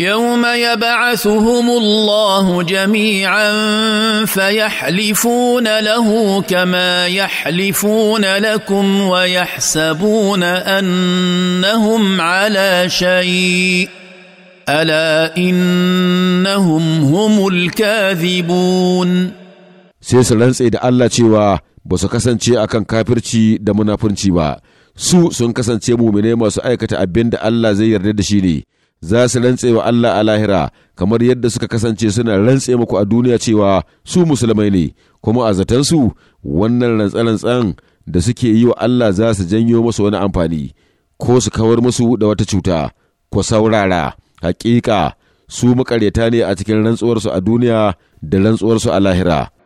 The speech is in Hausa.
يوم يبعثهم الله جميعا فيحلفون له كما يحلفون لكم ويحسبون انهم على شيء الا انهم هم الكاذبون sai su rantse da Allah cewa ba su kasance akan kafirci da munafurci ba su sun kasance mumine masu aikata abin da Allah zai yarda da shi ne za su rantse wa Allah a lahira kamar yadda suka kasance suna rantse muku a duniya cewa su musulmai ne kuma a zatansu wannan rantsarantsan da suke yi wa Allah za su janyo masu wani amfani ko su kawar musu da wata cuta ko saurara hakika su maƙaryata ne a cikin rantsuwarsu a duniya da rantsuwarsu a lahira.